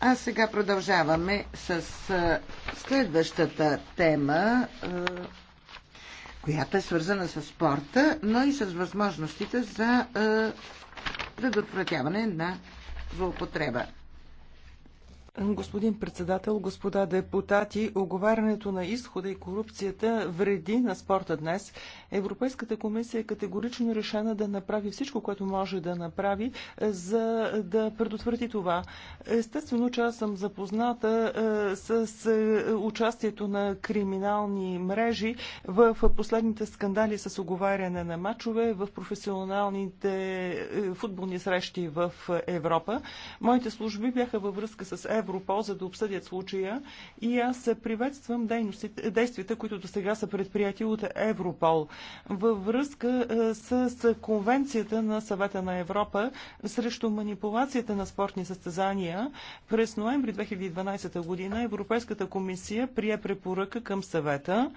А сега продължаваме с следващата тема, която е свързана с спорта, но и с възможностите за предотвратяване на злоупотреба. Господин председател, господа депутати, оговарянето на изхода и корупцията вреди на спорта днес. Европейската комисия е категорично решена да направи всичко, което може да направи, е, за да предотврати това. Естествено, че аз съм запозната е, с е, участието на криминални мрежи в последните скандали с оговаряне на матчове в професионалните футболни срещи в Европа. Моите служби бяха във връзка с Евро Европол, за да обсъдят случая и аз приветствам действията, които до сега са предприяти от Европол във връзка е, с Конвенцията на Съвета на Европа срещу манипулацията на спортни състезания. През ноември 2012 година Европейската комисия прие препоръка към съвета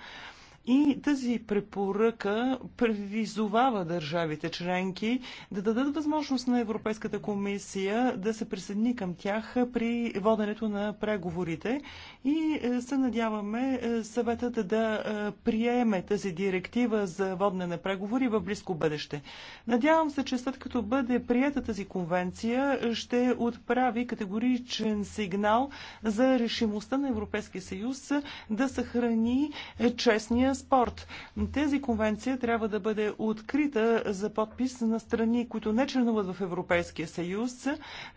и тази препоръка призовава държавите членки да дадат възможност на Европейската комисия да се присъедини към тях при воденето на преговорите и е, се надяваме е, съветът да е, приеме тази директива за водене на преговори в близко бъдеще. Надявам се, че след като бъде прията тази конвенция, ще отправи категоричен сигнал за решимостта на Европейския съюз да съхрани честния транспорт. Тези конвенция трябва да бъде открита за подпис на страни, които не членуват в Европейския съюз,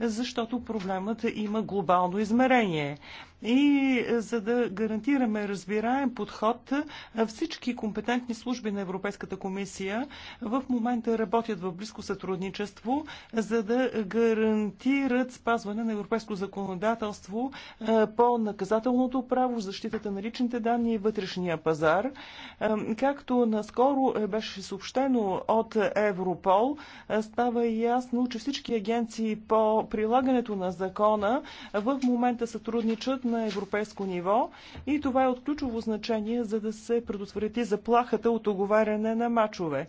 защото проблемът има глобално измерение. И е, за да гарантираме разбираем подход, е, всички компетентни служби на Европейската комисия в момента работят в близко сътрудничество, е, за да гарантират спазване на европейско законодателство по наказателното право, защитата на личните данни и вътрешния пазар. Както наскоро беше съобщено от Европол, става ясно, че всички агенции по прилагането на закона в момента сътрудничат на европейско ниво и това е от ключово значение, за да се предотврати заплахата от оговаряне на мачове.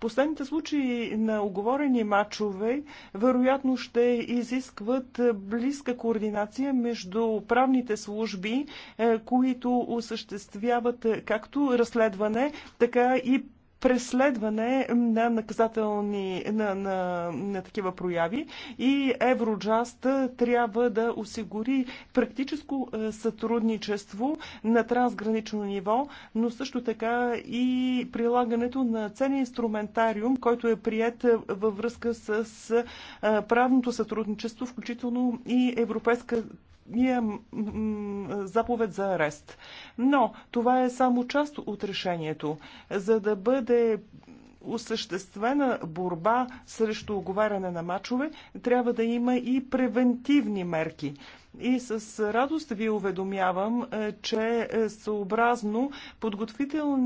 Последните случаи на оговорени матчове вероятно ще изискват близка координация между правните служби, е, които осъществяват както разследване, така и преследване на наказателни, на, на, на такива прояви и Евроджаст трябва да осигури практическо е, сътрудничество на трансгранично ниво, но също така и прилагането на целият инструментариум, който е прият е, във връзка с е, правното сътрудничество, включително и Европейска заповед за арест. Но това е само част от решението. За да бъде осъществена борба срещу оговаряне на мачове, трябва да има и превентивни мерки и с радост ви уведомявам, е, че е, съобразно подготвител...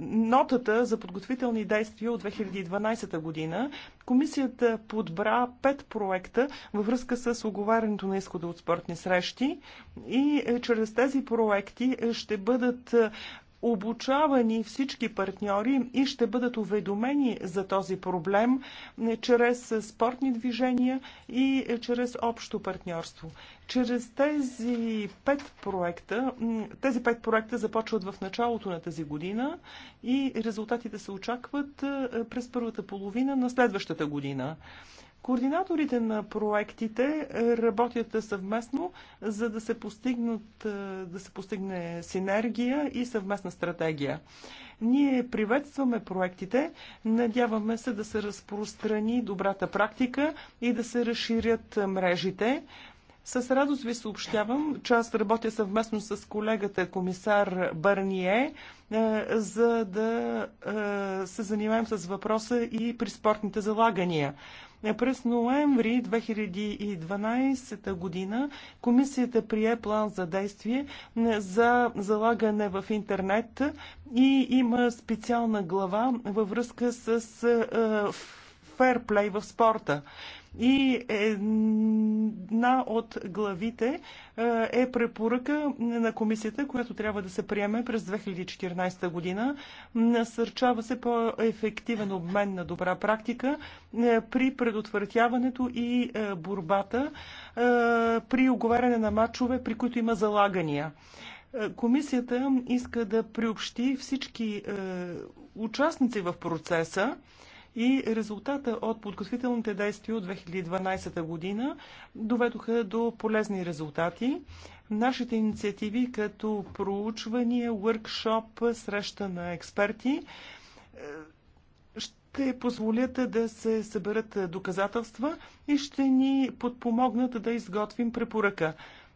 нотата за подготвителни действия от 2012 година, комисията подбра пет проекта във връзка с оговарянето на изхода от спортни срещи и е, чрез тези проекти ще бъдат обучавани всички партньори и ще бъдат уведомени за този проблем е, чрез спортни движения и е, чрез общо партньорство. Чрез тези пет проекта, тези пет проекта започват в началото на тази година и резултатите се очакват е, през първата половина на следващата година. Координаторите на проектите работят съвместно, за да се, постигнат, е, да се постигне синергия и съвместна стратегия. Ние приветстваме проектите, надяваме се да се разпространи добрата практика и да се разширят мрежите. С радост ви съобщавам, че аз работя съвместно с колегата комисар Бърние, е, за да е, се занимаем с въпроса и при спортните залагания. Е, през ноември 2012 година комисията прие план за действие за залагане в интернет и има специална глава във връзка с е, е, ферплей в спорта. И една от главите е, е препоръка на комисията, която трябва да се приеме през 2014 година. Насърчава се по-ефективен обмен на добра практика е, при предотвратяването и е, борбата при оговаряне на матчове, при които има залагания. Комисията иска да приобщи всички участници в процеса и резултата от подготвителните действия от 2012 година доведоха до полезни резултати. Нашите инициативи като проучвания, въркшоп, среща на експерти е, ще позволят да се съберат доказателства и ще ни подпомогнат да изготвим препоръка.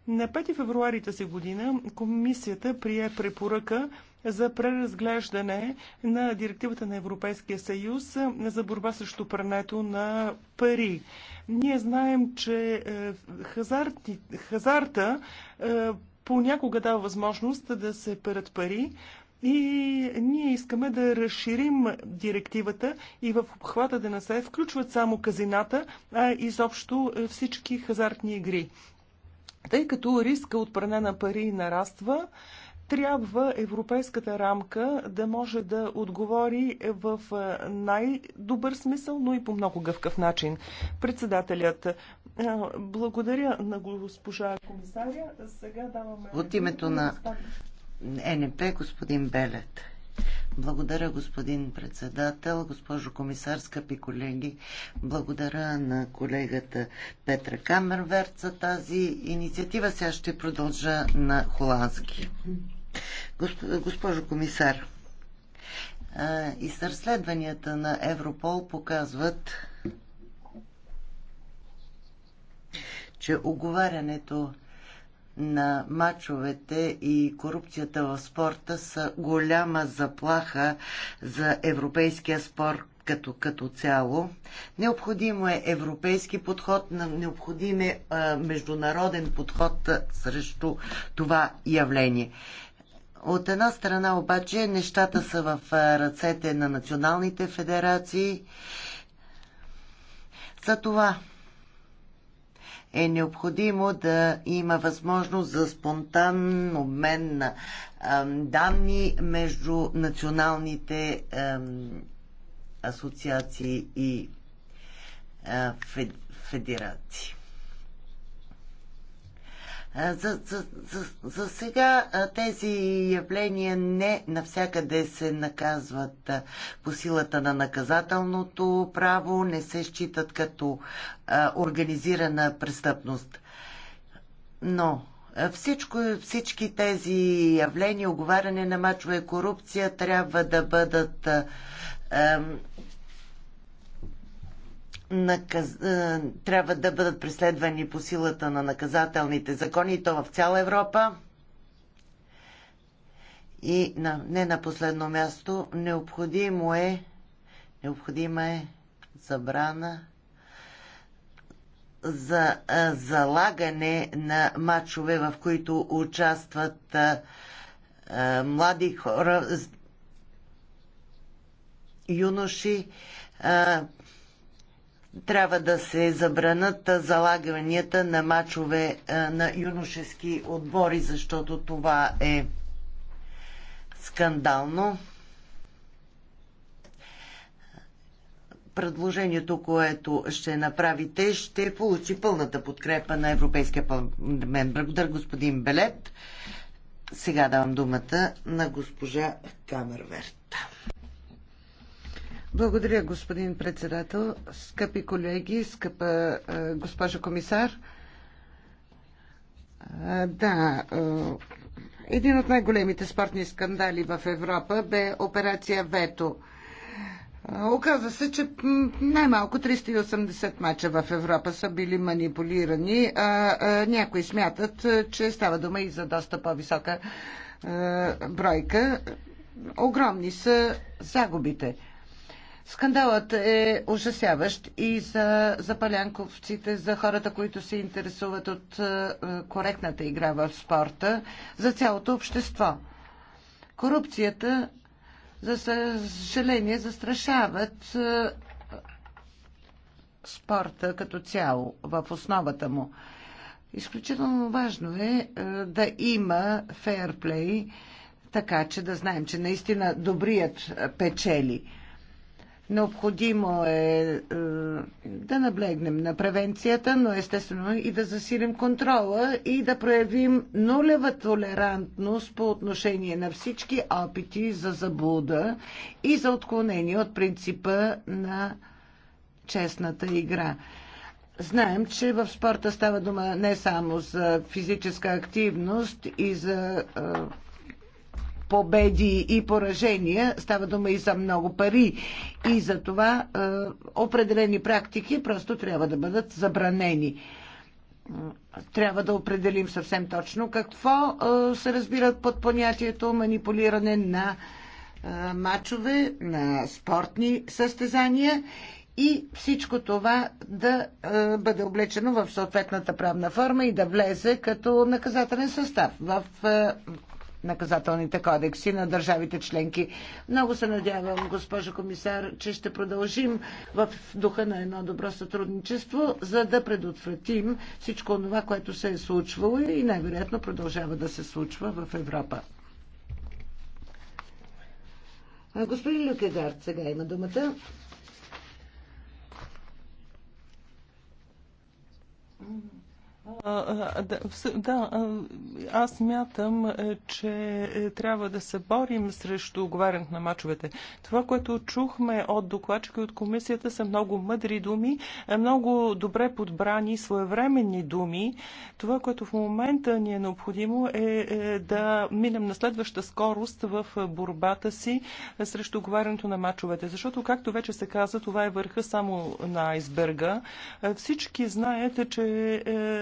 На 5 февруари тази година комисията прие препоръка за преразглеждане на директивата на Европейския съюз за борба срещу прането на пари. Ние знаем, че е, хазарти, хазарта е, понякога дава възможност да се перат пари, и ние искаме да разширим директивата и в обхвата да не се включват само казината, а изобщо всички хазартни игри. Тъй като риска от пране на пари нараства, трябва европейската рамка да може да отговори в най-добър смисъл, но и по много гъвкав начин. Председателят, благодаря на госпожа комисаря. Сега даваме... От името на НП, господин Белет. Благодаря, господин председател, госпожо комисар, скъпи колеги. Благодаря на колегата Петра Камерверт за тази инициатива. Сега ще продължа на холандски. Госпожо комисар, изследванията на Европол показват, че оговарянето на мачовете и корупцията в спорта са голяма заплаха за европейския спорт като, като цяло. Необходимо е европейски подход, необходим е международен подход срещу това явление. От една страна обаче нещата са в ръцете на националните федерации. За това е необходимо да има възможност за спонтанен обмен на данни между националните асоциации и федерации. За, за, за, за сега тези явления не навсякъде се наказват по силата на наказателното право, не се считат като а, организирана престъпност. Но всичко, всички тези явления, оговаряне на мачове, корупция трябва да бъдат а, наказ... Е, трябва да бъдат преследвани по силата на наказателните закони, и то в цяла Европа. И на, не на последно място, необходимо е, необходима е забрана за а, е, залагане на матчове, в които участват а, е, а, млади хора, юноши, а, трябва да се забранат залаганията на мачове на юношески отбори, защото това е скандално. Предложението, което ще направите, ще получи пълната подкрепа на Европейския парламент. Благодаря, господин Белет. Сега давам думата на госпожа Камерверт. Благодаря, господин председател. Скъпи колеги, скъпа госпожо комисар. Да, един от най-големите спортни скандали в Европа бе операция Вето. Оказва се, че най-малко 380 мача в Европа са били манипулирани. А, а, някои смятат, че става дума и за доста по-висока бройка. Огромни са загубите. Скандалът е ужасяващ и за палянковците, за хората, които се интересуват от е, коректната игра в спорта, за цялото общество. Корупцията, за съжаление, застрашават е, спорта като цяло, в основата му. Изключително важно е, е да има фейерплей, така че да знаем, че наистина добрият печели. Необходимо е, е да наблегнем на превенцията, но естествено и да засилим контрола и да проявим нулева толерантност по отношение на всички опити за заблуда и за отклонение от принципа на честната игра. Знаем, че в спорта става дума не само за физическа активност и за е, победи и поражения, става дума и за много пари. И за това е, определени практики просто трябва да бъдат забранени. Трябва да определим съвсем точно какво е, се разбира под понятието манипулиране на е, мачове, на спортни състезания и всичко това да е, бъде облечено в съответната правна форма и да влезе като наказателен състав в е, наказателните кодекси на държавите членки. Много се надявам, госпожо комисар, че ще продължим в духа на едно добро сътрудничество, за да предотвратим всичко това, което се е случвало и най-вероятно продължава да се случва в Европа. Господин Люкегард сега има думата. Mm-hmm. Да, аз мятам, е, че е, трябва да се борим срещу оговарянето на мачовете. Това, което чухме от докладчика и от комисията са много мъдри думи, е, много добре подбрани своевременни думи. Това, което в момента ни е необходимо е да минем на следваща скорост в борбата си срещу оговарянето на мачовете. Защото, както вече се каза, това е върха само на айсберга. Всички знаят, че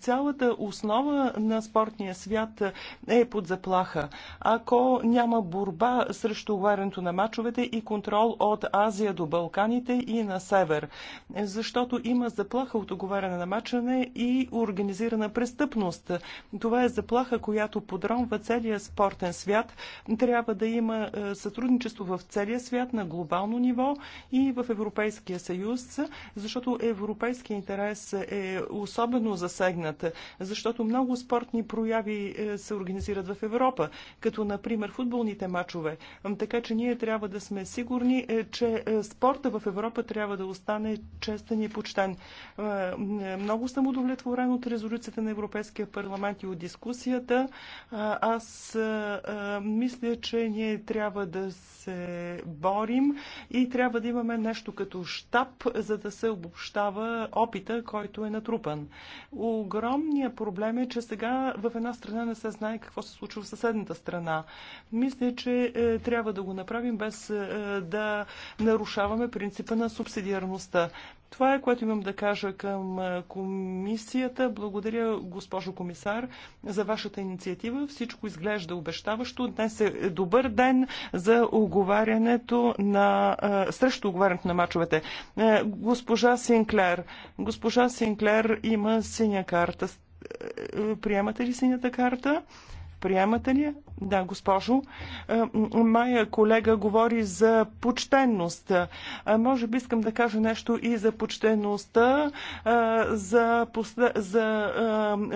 цялата основа на спортния свят е под заплаха. Ако няма борба срещу варенето на мачовете и контрол от Азия до Балканите и на север, защото има заплаха от оговаряне на мачане и организирана престъпност. Това е заплаха, която подронва целия спортен свят. Трябва да има е, сътрудничество в целия свят на глобално ниво и в Европейския съюз, защото европейския интерес е особено за север засегната, защото много спортни прояви е, се организират в Европа, като например футболните матчове. Така че ние трябва да сме сигурни, е, че е, спорта в Европа трябва да остане честен и почтен. Много съм удовлетворен от резолюцията на Европейския парламент и от дискусията. Аз мисля, че ние трябва да се борим и трябва да имаме нещо като щаб, за да се обобщава опита, който е натрупан. Огромният проблем е, че сега в една страна не се знае какво се случва в съседната страна. Мисля, че е, трябва да го направим без е, е да нарушаваме принципа на субсидиарността. Това е което имам да кажа към комисията. Благодаря, госпожо комисар, за вашата инициатива. Всичко изглежда обещаващо. Днес е добър ден за оговарянето на, срещу оговарянето на мачовете. Госпожа Синклер. Госпожа Синклер има синя карта. Приемате ли синята карта? Приемате ли? Да, госпожо. Е, моя колега говори за почтенност. Е, може би искам да кажа нещо и за почтенността, е, за, за, за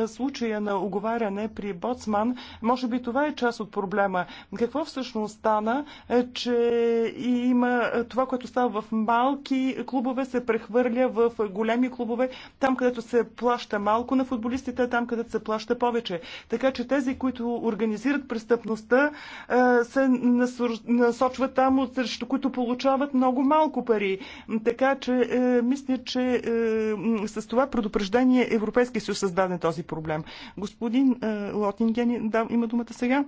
случая на оговаряне при Боцман. Може би това е част от проблема. Какво всъщност стана, че има това, което става в малки клубове, се прехвърля в големи клубове, там където се плаща малко на футболистите, там където се плаща повече. Така че тези, които организират престъпността, се насочват там, срещу които получават много малко пари. Така че е, мисля, че е, с това предупреждение Европейския съюз създаде този проблем. Господин е, Лотинген да, има думата сега.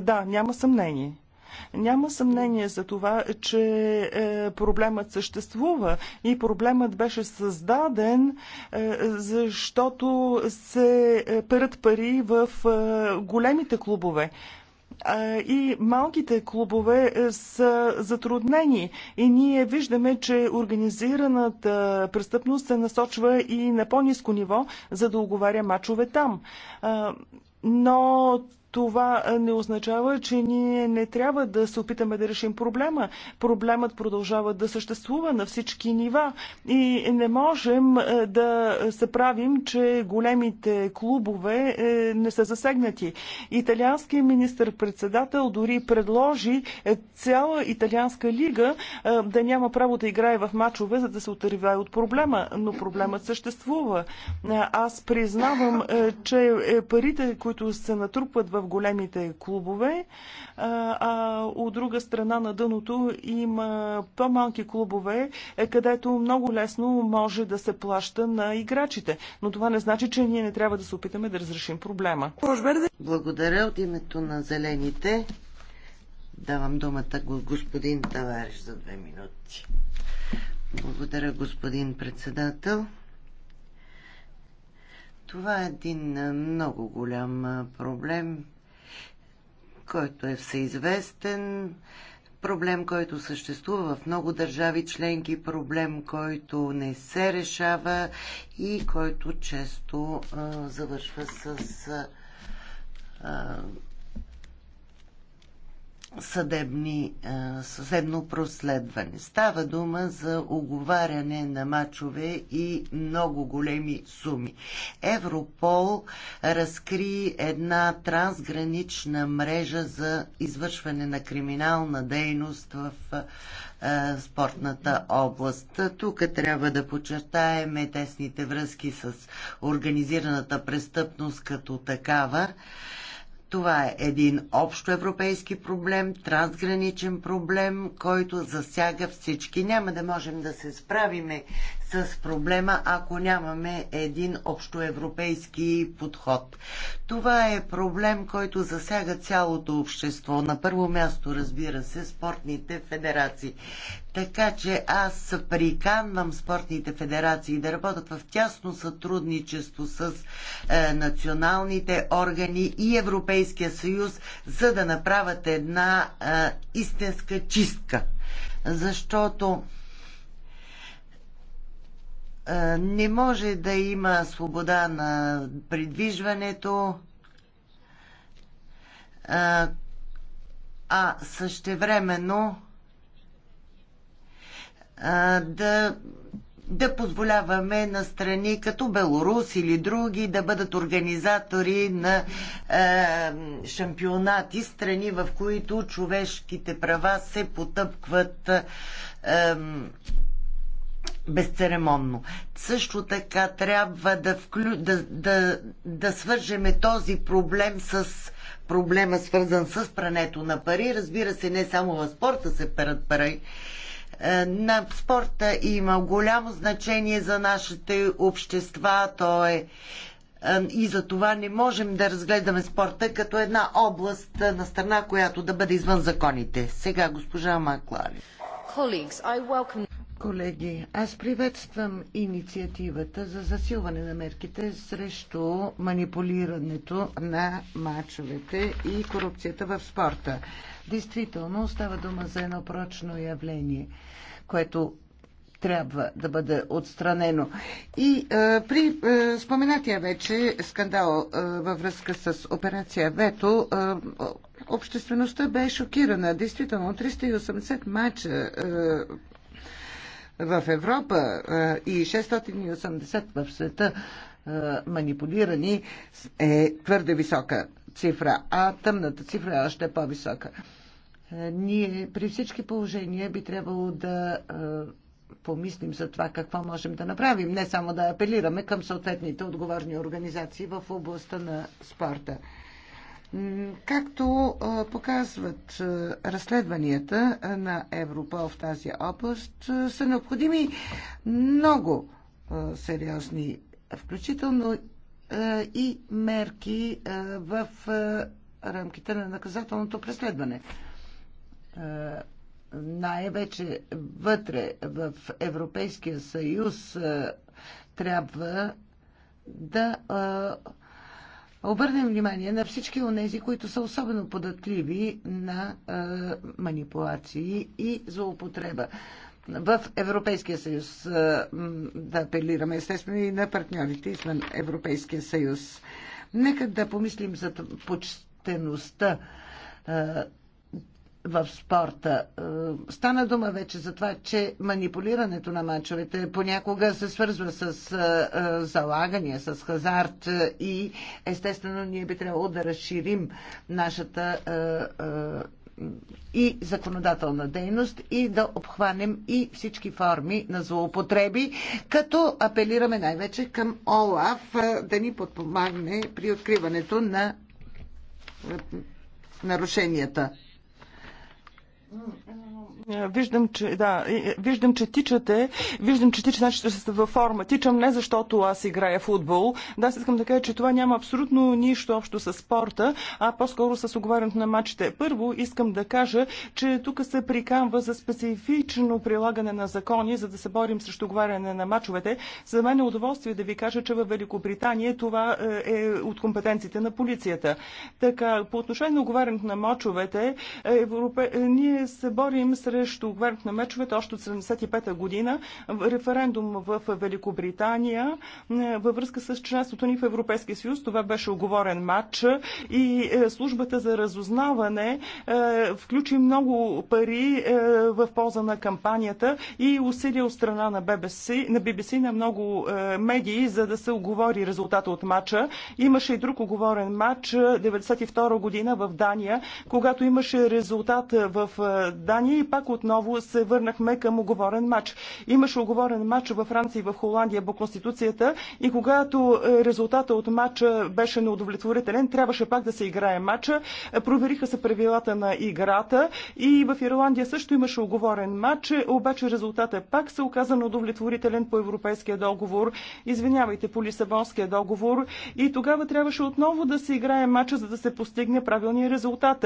Да, няма съмнение. Няма съмнение за това, че е, проблемът съществува и проблемът беше създаден, е, защото се е, перат пари в големите клубове и малките клубове са затруднени. И ние виждаме, че организираната престъпност се насочва и на по-низко ниво, за да оговаря мачове там. Но това не означава, че ние не трябва да се опитаме да решим проблема. Проблемът продължава да съществува на всички нива и не можем да се правим, че големите клубове е, не са засегнати. Италианският министр-председател дори предложи е, цяла италианска лига е, да няма право да играе в мачове, за да се отървае от проблема. Но проблемът съществува. Аз признавам, че парите, които се натрупват в в големите клубове, а от друга страна на дъното има по-малки клубове, е, където много лесно може да се плаща на играчите. Но това не значи, че ние не трябва да се опитаме да разрешим проблема. Благодаря от името на зелените. Давам думата господин Тавариш за две минути. Благодаря, господин председател. Това е един много голям проблем, който е всеизвестен, проблем, който съществува в много държави членки, проблем, който не се решава и който често а, завършва с а, съдебни, съдебно проследване. Става дума за оговаряне на мачове и много големи суми. Европол разкри една трансгранична мрежа за извършване на криминална дейност в спортната област. Тук трябва да подчертаем тесните връзки с организираната престъпност като такава това е един общо европейски проблем, трансграничен проблем, който засяга всички. Няма да можем да се справиме с проблема, ако нямаме един общоевропейски подход. Това е проблем, който засяга цялото общество. На първо място, разбира се, спортните федерации. Така че аз приканвам спортните федерации да работят в тясно сътрудничество с е, националните органи и Европейския съюз, за да направят една е, истинска чистка. Защото не може да има свобода на придвижването, а същевременно да, да позволяваме на страни като Беларус или други да бъдат организатори на е, шампионати, страни в които човешките права се потъпкват е, безцеремонно. Също така трябва да, вклю... да, да, да свържеме този проблем с проблема свързан с прането на пари. Разбира се, не само в спорта се перат пари. Е, на спорта има голямо значение за нашите общества. То е, е и за това не можем да разгледаме спорта като една област е, на страна, която да бъде извън законите. Сега госпожа Маклари. Colleagues, I welcome... Колеги, аз приветствам инициативата за засилване на мерките срещу манипулирането на мачовете и корупцията в спорта. Действително става дума за едно прочно явление, което трябва да бъде отстранено. И а, при а, споменатия вече скандал а, във връзка с операция Вето, а, обществеността бе шокирана. Действително, 380 мача а, в Европа и 680 в света манипулирани е твърде висока цифра, а тъмната цифра е още по-висока. Е, ние при всички положения би трябвало да помислим за това какво можем да направим, не само да апелираме към съответните отговорни организации в областта на спорта. Както показват разследванията на Европол в тази област, са необходими много сериозни, включително и мерки в рамките на наказателното преследване. Най-вече вътре в Европейския съюз трябва да обърнем внимание на всички онези, които са особено податливи на е, манипулации и злоупотреба. В Европейския съюз е, да апелираме естествено и на партньорите извън Европейския съюз. Нека да помислим за почтеността в спорта. Е, стана дума вече за това, че манипулирането на мачовете понякога се свързва с е, е, залагания, с хазарт и естествено ние би трябвало да разширим нашата и законодателна дейност и да обхванем и всички форми на злоупотреби, като апелираме най-вече към ОЛАФ да ни подпомагне при откриването на нарушенията. Mm-hmm. Е, виждам, че, да, е, е, виждам, че тичате, виждам, че тича, значи, че сте във форма. Тичам не защото аз играя футбол. Да, аз искам да кажа, че това няма абсолютно нищо общо с спорта, а по-скоро с оговарянето на матчите. Първо искам да кажа, че тук се приканва за специфично прилагане на закони, за да се борим срещу оговаряне на матчовете. За мен е удоволствие да ви кажа, че във Великобритания това е от компетенциите на полицията. Така, по отношение на оговарянето на мачовете, Европе... ние се борим срещу срещу гверк на мечовете още от 75-та година, референдум в Великобритания във връзка с членството ни в Европейския съюз. Това беше оговорен матч и е, службата за разузнаване е, включи много пари е, в полза на кампанията и усилия от страна на BBC, на BBC, на много медии, за да се оговори резултата от матча. Имаше и друг оговорен матч 92 година в Дания, когато имаше резултат в Дания и пак отново се върнахме към оговорен матч. Имаше оговорен матч във Франция и в Холандия по Конституцията и когато е, резултата от матча беше неудовлетворителен, трябваше пак да се играе матча. Провериха се правилата на играта и в Ирландия също имаше оговорен матч, обаче резултата пак се оказа неудовлетворителен по Европейския договор. Извинявайте, по Лисабонския договор. И тогава трябваше отново да се играе матча, за да се постигне правилния резултат.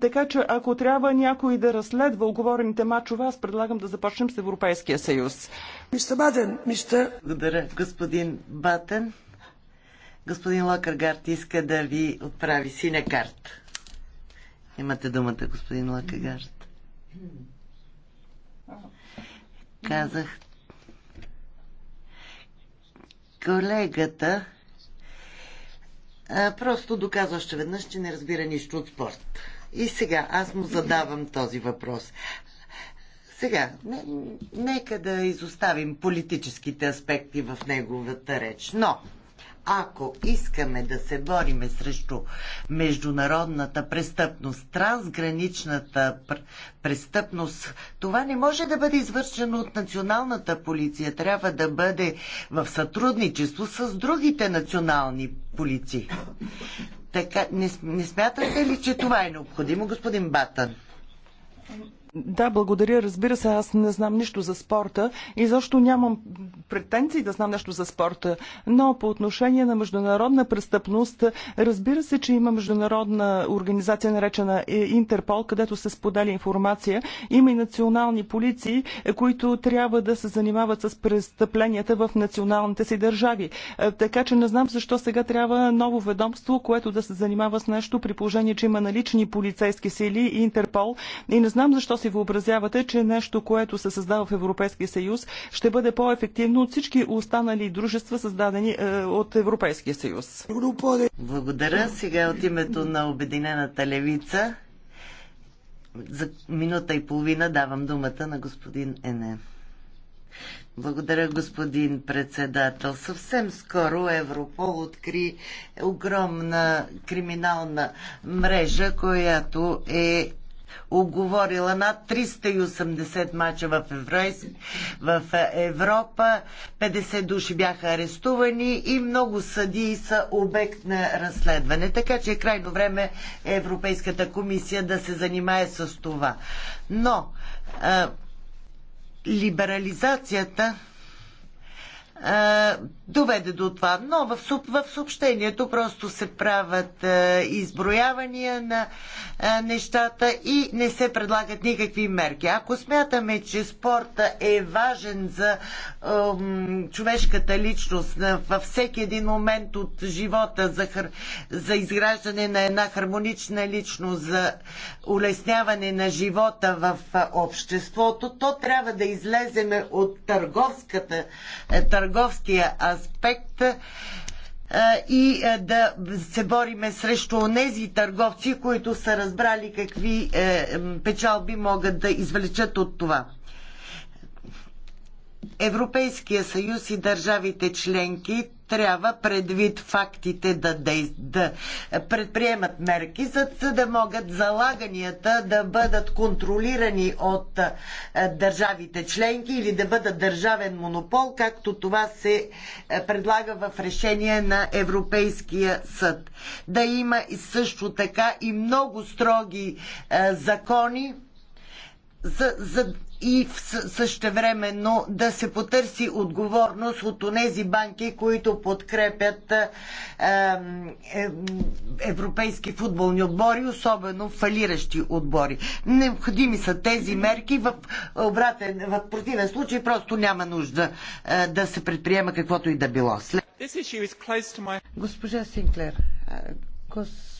Така че ако трябва някой да разследва оговорен отворените мачове, аз предлагам да започнем с Европейския съюз. Мистер Батен, мистер... Благодаря, господин Батен. Господин Лакаргард иска да ви отправи синя карта. Имате думата, господин Лакагард. Казах. Колегата а, просто доказва още веднъж, че не разбира нищо от спорт. И сега аз му задавам този въпрос. Сега, не, нека да изоставим политическите аспекти в неговата реч, но ако искаме да се бориме срещу международната престъпност, трансграничната престъпност, това не може да бъде извършено от националната полиция. Трябва да бъде в сътрудничество с другите национални полиции. Така, не, не смятате ли, че това е необходимо, господин Батън? Да, благодаря. Разбира се, аз не знам нищо за спорта и защо нямам претенции да знам нещо за спорта. Но по отношение на международна престъпност, разбира се, че има международна организация, наречена е, Интерпол, където се споделя информация. Има и национални полиции, е, които трябва да се занимават с престъпленията в националните си държави. Е, така че не знам защо сега трябва ново ведомство, което да се занимава с нещо при положение, че има налични полицейски сили и Интерпол. И не знам защо си въобразявате, че нещо, което се създава в Европейския съюз, ще бъде по-ефективно от всички останали дружества, създадени е, от Европейския съюз? Благодаря. Сега от името на Обединената левица за минута и половина давам думата на господин Ене. Благодаря, господин председател. Съвсем скоро Европол откри огромна криминална мрежа, която е оговорила над 380 мача в, Еврейс, в Европа. 50 души бяха арестувани и много съдии са обект на разследване. Така че е крайно време Европейската комисия да се занимае с това. Но а, либерализацията доведе до това. Но в, в съобщението просто се правят а, изброявания на а, нещата и не се предлагат никакви мерки. Ако смятаме, че спорта е важен за а, човешката личност на, във всеки един момент от живота за, хар, за изграждане на една хармонична личност, за улесняване на живота в обществото, то трябва да излеземе от търговската е, търговската търговския аспект и да се бориме срещу тези търговци, които са разбрали какви е, печалби могат да извлечат от това. Европейския съюз и държавите членки трябва предвид фактите да, да предприемат мерки, за да могат залаганията да бъдат контролирани от държавите членки или да бъдат държавен монопол, както това се предлага в решение на Европейския съд. Да има също така и много строги закони, за, за, и същевременно да се потърси отговорност от тези банки, които подкрепят е, е, европейски футболни отбори, особено фалиращи отбори. Необходими са тези мерки. В, обратен, в противен случай просто няма нужда е, да се предприема каквото и да било. След... Госпожа Синклер, гос... Е,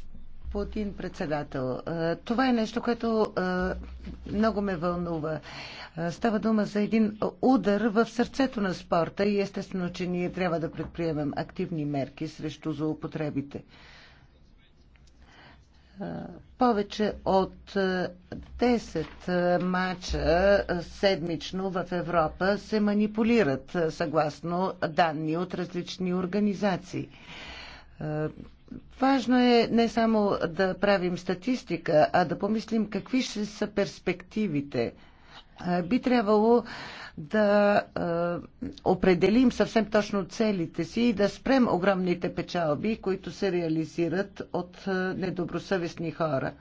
господин председател. Това е нещо, което много ме вълнува. Става дума за един удар в сърцето на спорта и естествено, че ние трябва да предприемем активни мерки срещу злоупотребите. Повече от 10 мача седмично в Европа се манипулират съгласно данни от различни организации Важно е не само да правим статистика, а да помислим какви ще са перспективите. Би трябвало да определим съвсем точно целите си и да спрем огромните печалби, които се реализират от недобросъвестни хора.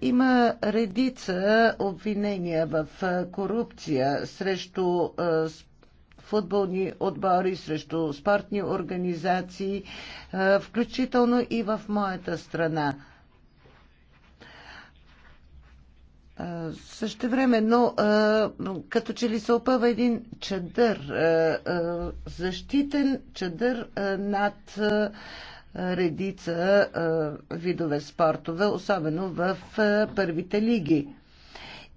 Има редица обвинения в корупция срещу футболни отбори, срещу спортни организации, е, включително и в моята страна. Е, Също време, но е, като че ли се опъва един чадър, защитен чадър над редица видове спортове, особено в първите лиги.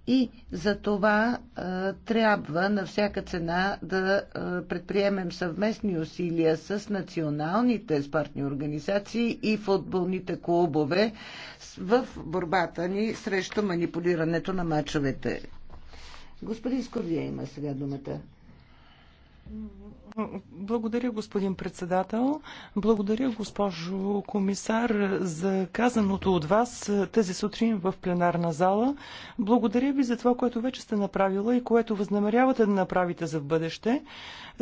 И за това а, трябва на всяка цена да а, предприемем съвместни усилия с националните спортни организации и футболните клубове в борбата ни срещу манипулирането на мачовете. Господин Скордия има сега думата. Благодаря, господин председател. Благодаря, госпожо комисар, за казаното от вас тази сутрин в пленарна зала. Благодаря ви за това, което вече сте направила и което възнамерявате да направите за в бъдеще.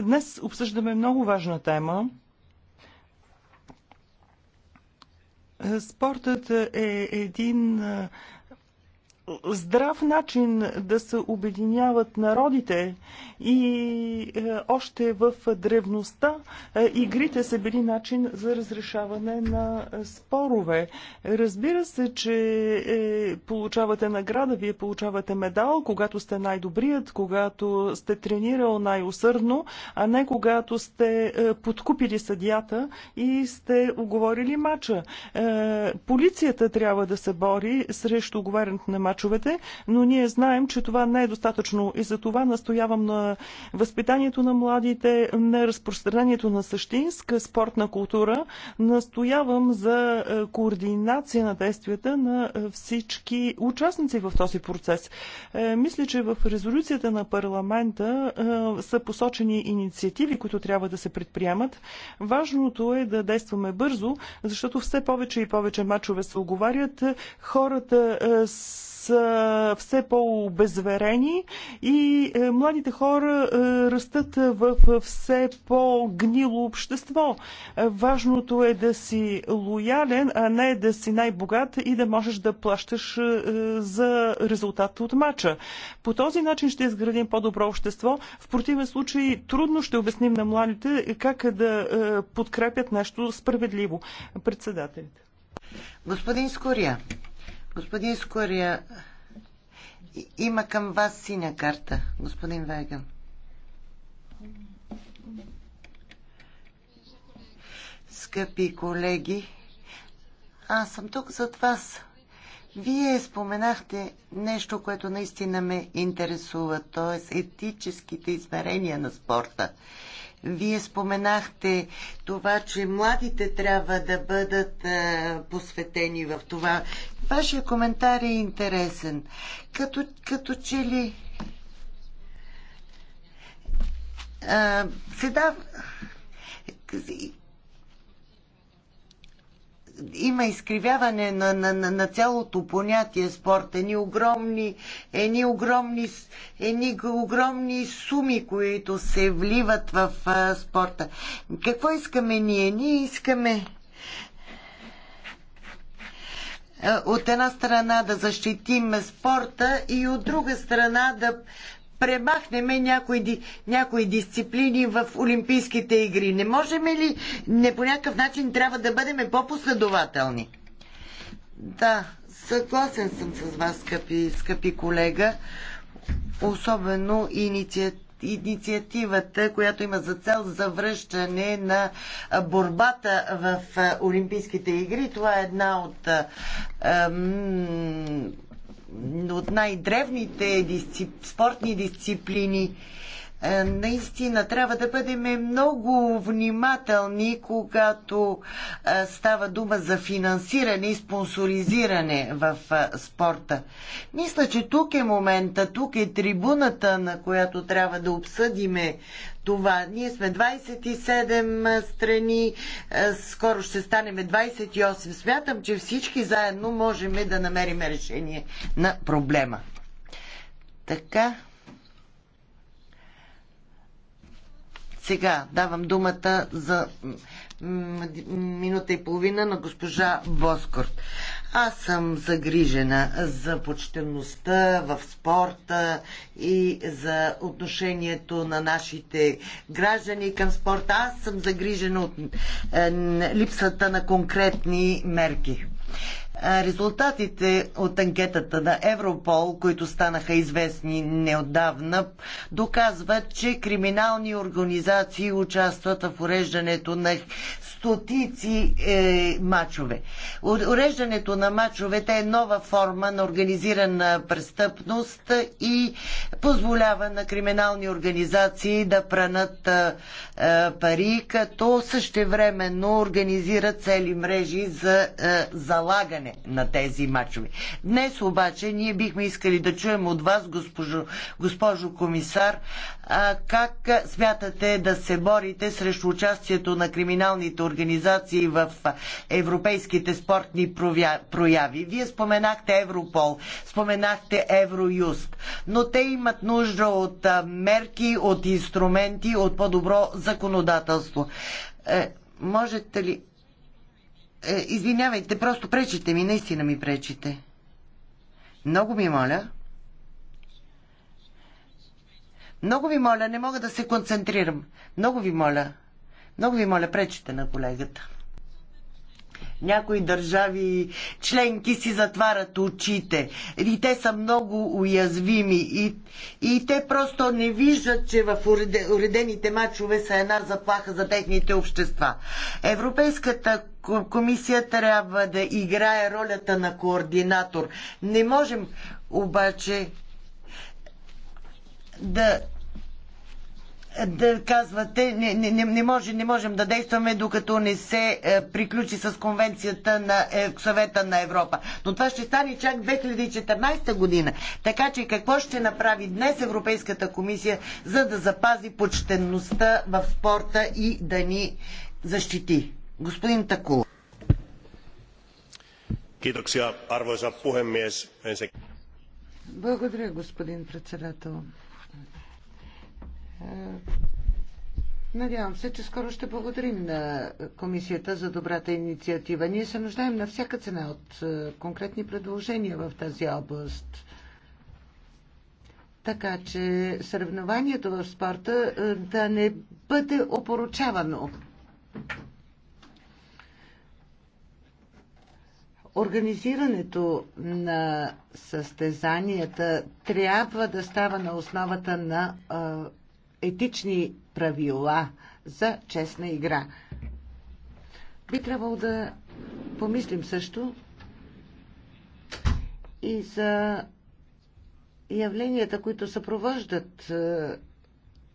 Днес обсъждаме много важна тема. Спортът е един здрав начин да се обединяват народите и е, още в древността е, игрите са били начин за разрешаване на е, спорове. Разбира се, че е, получавате награда, вие получавате медал, когато сте най-добрият, когато сте тренирал най-усърдно, а не когато сте е, подкупили съдята и сте оговорили мача. Е, полицията трябва да се бори срещу оговарянето на мача мачовете, но ние знаем, че това не е достатъчно и за това настоявам на възпитанието на младите, на разпространението на същинска спортна култура, настоявам за е, координация на действията на е, всички участници в този процес. Е, мисля, че в резолюцията на парламента са посочени инициативи, които трябва да се предприемат. Важното е да действаме бързо, защото все повече и повече мачове се оговарят. Хората с са все по-обезверени и е, младите хора е, растат в все по-гнило общество. Важното е да си лоялен, а не да си най-богат и да можеш да плащаш е, за резултата от матча. По този начин ще изградим по-добро общество. В противен случай трудно ще обясним на младите как да подкрепят нещо справедливо. Председателите. Господин Скория, Господин Скория, има към вас синя карта, господин Веган. Скъпи колеги, аз съм тук зад вас. Вие споменахте нещо, което наистина ме интересува, т.е. етическите измерения на спорта. Вие споменахте това, че младите трябва да бъдат а, е, посветени в това Вашия коментар е интересен. Като, като че ли а, седа има изкривяване на, на, на, на цялото понятие спорт. Едни огромни, едни огромни, едни огромни суми, които се вливат в а, спорта. Какво искаме ние? Ние искаме е, от една страна да защитим спорта и от друга страна да премахнем някои, някои дисциплини в Олимпийските игри. Не можем ли, не по някакъв начин трябва да бъдем по-последователни? Да, съгласен съм с вас, скъпи, скъпи колега. Особено инициатива инициативата, която има за цел завръщане на борбата в Олимпийските игри. Това е една от от най-древните дисцип, спортни дисциплини е, наистина трябва да бъдем много внимателни, когато е, става дума за финансиране и спонсоризиране в е, спорта. Мисля, че тук е момента, тук е трибуната, на която трябва да обсъдиме това. Ние сме 27 страни, скоро ще станем 28. Смятам, че всички заедно можем да намерим решение на проблема. Така. Сега давам думата за минута и половина на госпожа Боскорт. Аз съм загрижена за почтеността в спорта и за отношението на нашите граждани към спорта. Аз съм загрижена от е, липсата на конкретни мерки. Резултатите от анкетата на Европол, които станаха известни неотдавна, доказват, че криминални организации участват в уреждането на стотици е, мачове. Уреждането на мачовете е нова форма на организирана престъпност и позволява на криминални организации да пранат е, е, пари, като същевременно организират цели мрежи за е, залагане играене на тези матчове. Днес обаче ние бихме искали да чуем от вас, госпожо, госпожо комисар, а, как смятате да се борите срещу участието на криминалните организации в европейските спортни прояви. Вие споменахте Европол, споменахте Евроюст, но те имат нужда от мерки, от инструменти, от по-добро законодателство. Е, можете ли е, извинявайте, просто пречите ми, наистина ми пречите. Много ми моля. Много ви моля, не мога да се концентрирам. Много ви моля. Много ви моля, пречите на колегата. Някои държави членки си затварят очите и те са много уязвими и, и те просто не виждат, че в уредените мачове са една заплаха за техните общества. Европейската комисия трябва да играе ролята на координатор. Не можем обаче да да казвате, не, не, не, може, не можем да действаме, докато не се е, приключи с конвенцията на е, съвета на Европа. Но това ще стане чак 2014 година. Така че какво ще направи днес Европейската комисия, за да запази почтенността в спорта и да ни защити? Господин Такул. Благодаря, господин председател. Е, надявам се, че скоро ще благодарим на комисията за добрата инициатива. Ние се нуждаем на всяка цена от е, конкретни предложения в тази област. Така че съревнованието в спорта е, да не бъде опоручавано. Организирането на състезанията трябва да става на основата на етични правила за честна игра. Би трябвало да помислим също и за явленията, които съпровождат е,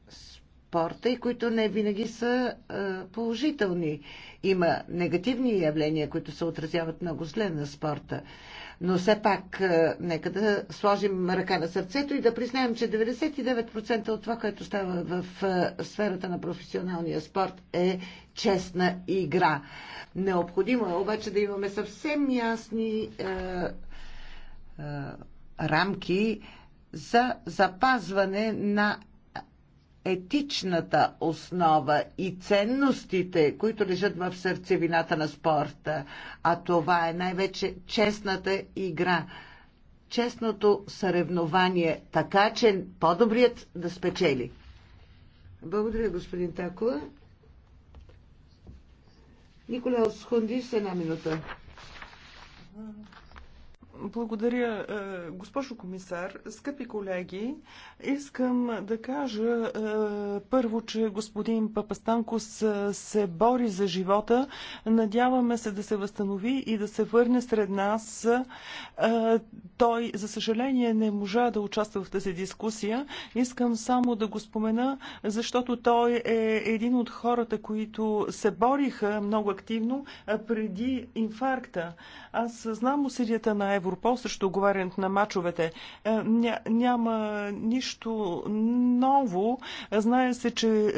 спорта и които не винаги са е, положителни. Има негативни явления, които се отразяват много зле на спорта. Но все пак, е, нека да сложим ръка на сърцето и да признаем, че 99% от това, което става в е, сферата на професионалния спорт е честна игра. Необходимо е обаче да имаме съвсем ясни е, е, рамки за запазване на етичната основа и ценностите, които лежат в сърцевината на спорта. А това е най-вече честната игра, честното съревнование, така че по-добрият да спечели. Благодаря, господин Такова. Схунди, с една минута. Благодаря, е, госпожо комисар. Скъпи колеги, искам да кажа е, първо, че господин Папастанкос е, се бори за живота. Надяваме се да се възстанови и да се върне сред нас. Той, за съжаление, не можа да участва в тази дискусия. Искам само да го спомена, защото той е един от хората, които се бориха много активно преди инфаркта. Аз знам усилията на Ево Европол срещу оговарянето на мачовете. Е, ня, няма нищо ново. Знае се, че е,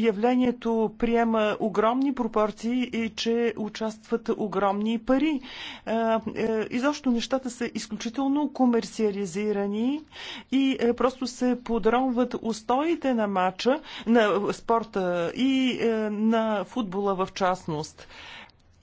явлението приема огромни пропорции и че участват огромни пари. Е, изобщо нещата са изключително комерциализирани и просто се подронват устоите на мача, на спорта и на футбола в частност.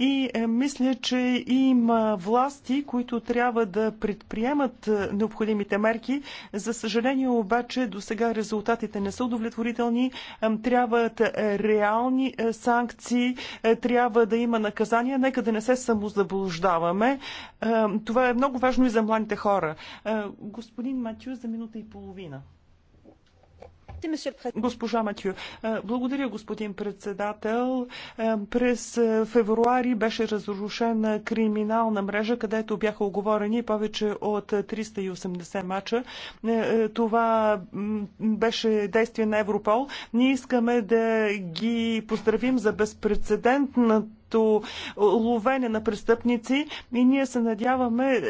И е, мисля, че има власти, които трябва да предприемат е, необходимите мерки. За съжаление обаче до сега резултатите не са удовлетворителни. Е, трябват реални санкции, трябва да има наказания. Нека да не се самозаблуждаваме. Това е много важно и за младите хора. Господин Матю, за минута и половина. Госпожа Матю, е, благодаря, господин председател. Е, през е, февруари беше разрушена криминална мрежа, където бяха оговорени повече от 380 мача. Това беше действие на Европол. Ние искаме да ги поздравим за безпредседентната като е, ловене на престъпници и ние се надяваме е,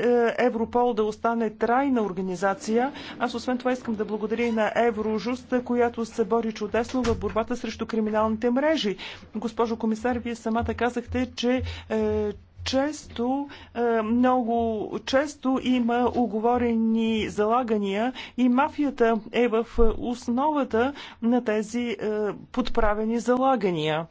Европол да остане трайна организация. Аз освен това искам да благодаря и на Еврожуст, която се бори чудесно в борбата срещу криминалните мрежи. Госпожо комисар, вие самата казахте, че е, често, много често има оговорени залагания и мафията е в основата на тези подправени залагания.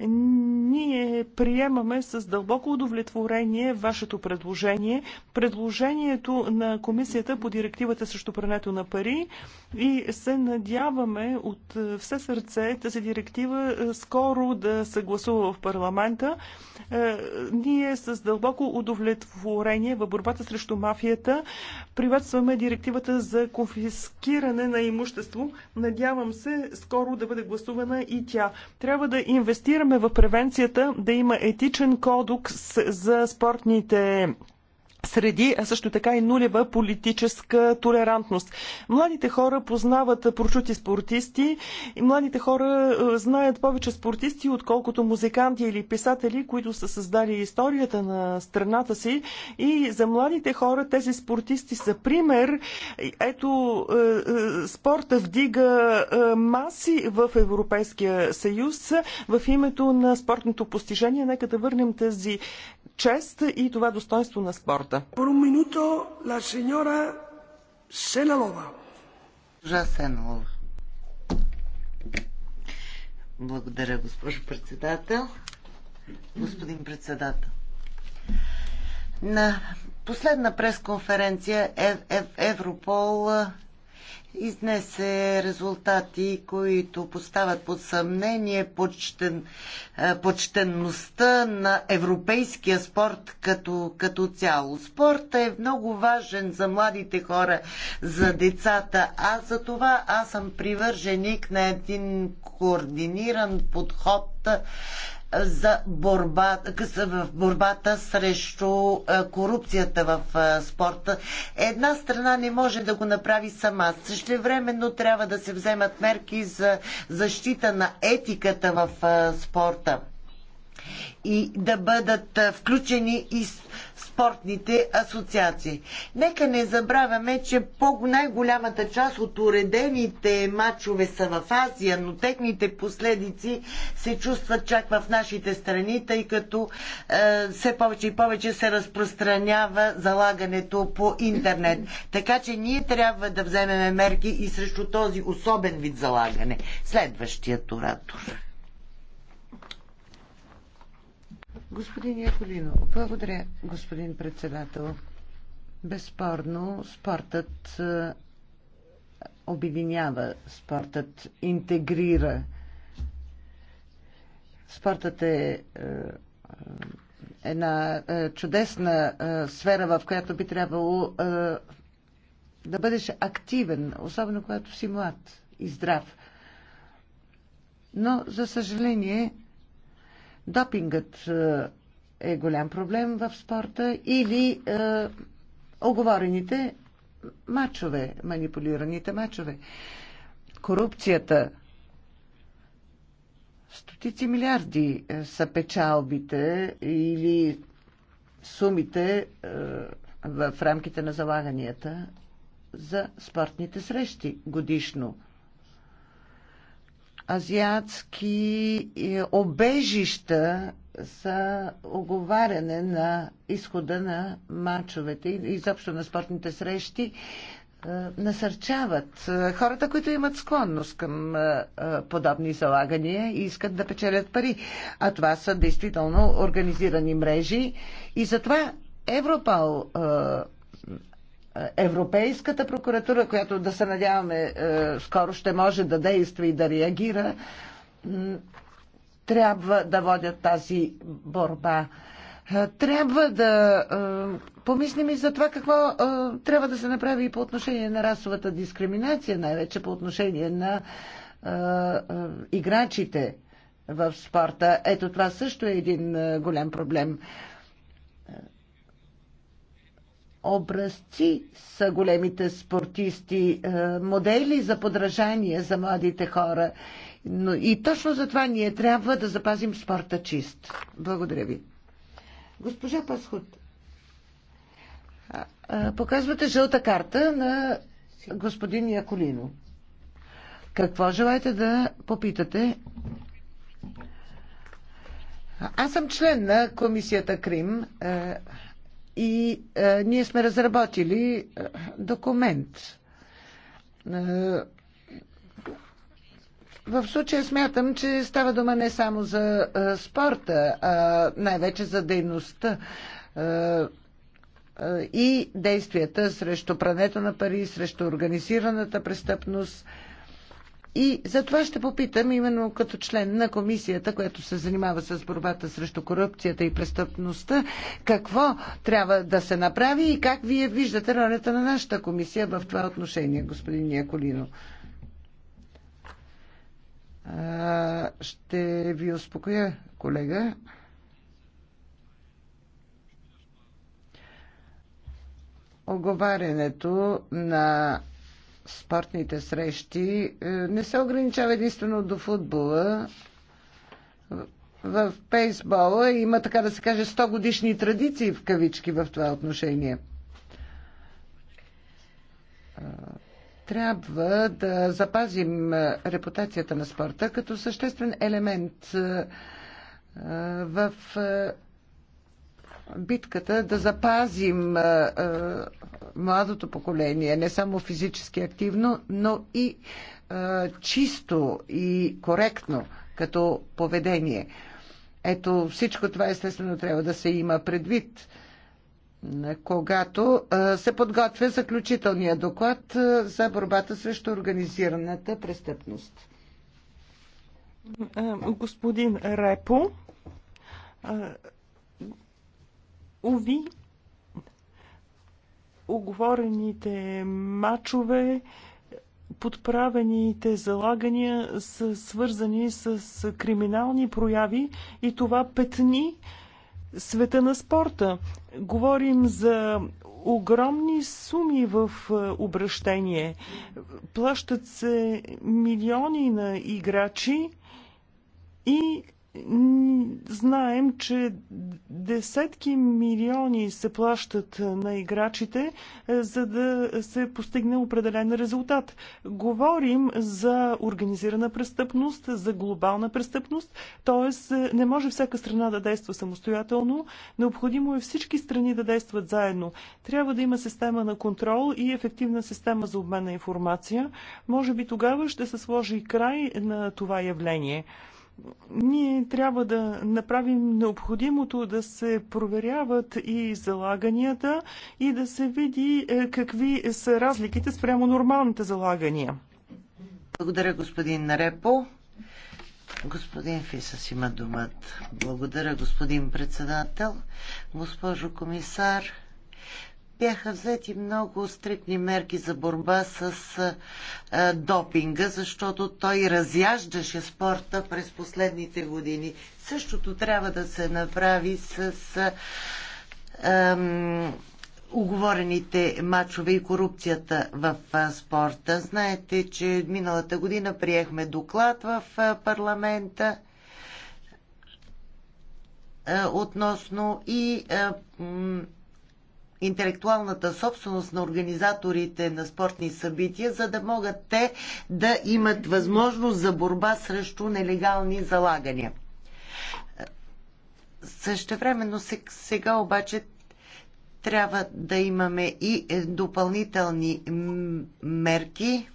Ние приемаме с дълбоко удовлетворение вашето предложение, предложението на комисията по директивата срещу прането на пари и се надяваме от е, все сърце тази директива е, скоро да се гласува в парламента. Е, ние с дълбоко удовлетворение в борбата срещу мафията приветстваме директивата за конфискиране на имущество. Надявам се скоро да бъде гласувана и тя. Трябва да инвестираме в превенцията да има етичен кодекс за спортните среди, а също така и нулева политическа толерантност. Младите хора познават прочути спортисти и младите хора е, знаят повече спортисти, отколкото музиканти или писатели, които са създали историята на страната си. И за младите хора тези спортисти са пример. Ето, е, е, спорта вдига маси в Европейския съюз в името на спортното постижение. Нека да върнем тази чест и това достоинство на спорта думата. Минуто, ла сеньора Сеналова. Жа Сеналова. Благодаря, госпожо председател. Господин председател. На последна пресконференция е- е- Европол изнесе резултати, които поставят под съмнение почтен, е, почтенността на европейския спорт като, като цяло. Спорта е много важен за младите хора, за децата, а за това аз съм привърженик на един координиран подход е, за борбата, в борбата срещу корупцията в спорта. Една страна не може да го направи сама. Същевременно трябва да се вземат мерки за защита на етиката в спорта и да бъдат включени и спортните асоциации. Нека не забравяме, че по най-голямата част от уредените матчове са в Азия, но техните последици се чувстват чак в нашите страни, тъй като е, все повече и повече се разпространява залагането по интернет. Така че ние трябва да вземем мерки и срещу този особен вид залагане. Следващият оратор. Господин Яколино, благодаря, господин председател. Безспорно, спортът е, обединява, спортът интегрира. Спортът е, е една е, чудесна сфера, в която би трябвало да бъдеш активен, особено когато си млад и здрав. Но, за съжаление, допингът е, е голям проблем в спорта или е, оговорените мачове, манипулираните мачове, корупцията. Стотици милиарди е, са печалбите или сумите е, в рамките на залаганията за спортните срещи годишно – азиатски е, обежища за оговаряне на изхода на мачовете и изобщо на спортните срещи е, насърчават е, хората, които имат склонност към подобни залагания и искат да печелят пари. А това са действително организирани мрежи и затова Европал Европейската прокуратура, която да се надяваме е, скоро ще може да действа и да реагира, трябва да водят тази борба. Е, трябва да е, помислим и за това какво трябва да се направи и по отношение на расовата дискриминация, най-вече по отношение на играчите в спорта. Ето това също е един голям проблем образци са големите спортисти, е, модели за подражание за младите хора. Но и точно за това ние трябва да запазим спорта чист. Благодаря ви. Госпожа Пасхут, е, е, показвате жълта карта на господин Яколино. Какво желаете да попитате? Аз съм член на комисията Крим. И а, е, ние сме разработили а, е, документ. А, е, в случая смятам, че става дума не само за а, спорта, а най-вече за дейността. а, и действията срещу прането на пари, срещу организираната престъпност, и за това ще попитам именно като член на комисията, която се занимава с борбата срещу корупцията и престъпността, какво трябва да се направи и как вие виждате ролята на нашата комисия в това отношение, господин Яколино. Ще ви успокоя, колега. Оговарянето на спортните срещи е, не се ограничава единствено до футбола. В пейсбола има, така да се каже, 100 годишни традиции в кавички в това отношение. Е, трябва да запазим репутацията на спорта като съществен елемент е, в битката да запазим младото поколение, не само физически активно, но и чисто и коректно като поведение. Ето всичко това естествено трябва да се има предвид, когато се подготвя заключителния доклад за борбата срещу организираната престъпност. Е, господин Репо, е, Уви, оговорените мачове, подправените залагания са свързани с криминални прояви и това петни света на спорта. Говорим за огромни суми в е, обращение. Плащат се милиони на играчи и знаем, че десетки милиони се плащат на играчите, е, за да се постигне определен резултат. Говорим за организирана престъпност, за глобална престъпност, т.е. не може всяка страна да действа самостоятелно, необходимо е всички страни да действат заедно. Трябва да има система на контрол и ефективна система за обмен на информация. Може би тогава ще се сложи край на това явление ние трябва да направим необходимото да се проверяват и залаганията и да се види е, какви са разликите спрямо нормалните залагания. Благодаря, господин Репо. Господин Фисас има думата. Благодаря, господин председател. Госпожо комисар, бяха взети много стрикни мерки за борба с а, допинга, защото той разяждаше спорта през последните години. Същото трябва да се направи с а, а, оговорените мачове и корупцията в а, спорта. Знаете, че миналата година приехме доклад в а, парламента а, относно и а, интелектуалната собственост на организаторите на спортни събития, за да могат те да имат възможност за борба срещу нелегални залагания. Същевременно сега обаче трябва да имаме и е, допълнителни мерки.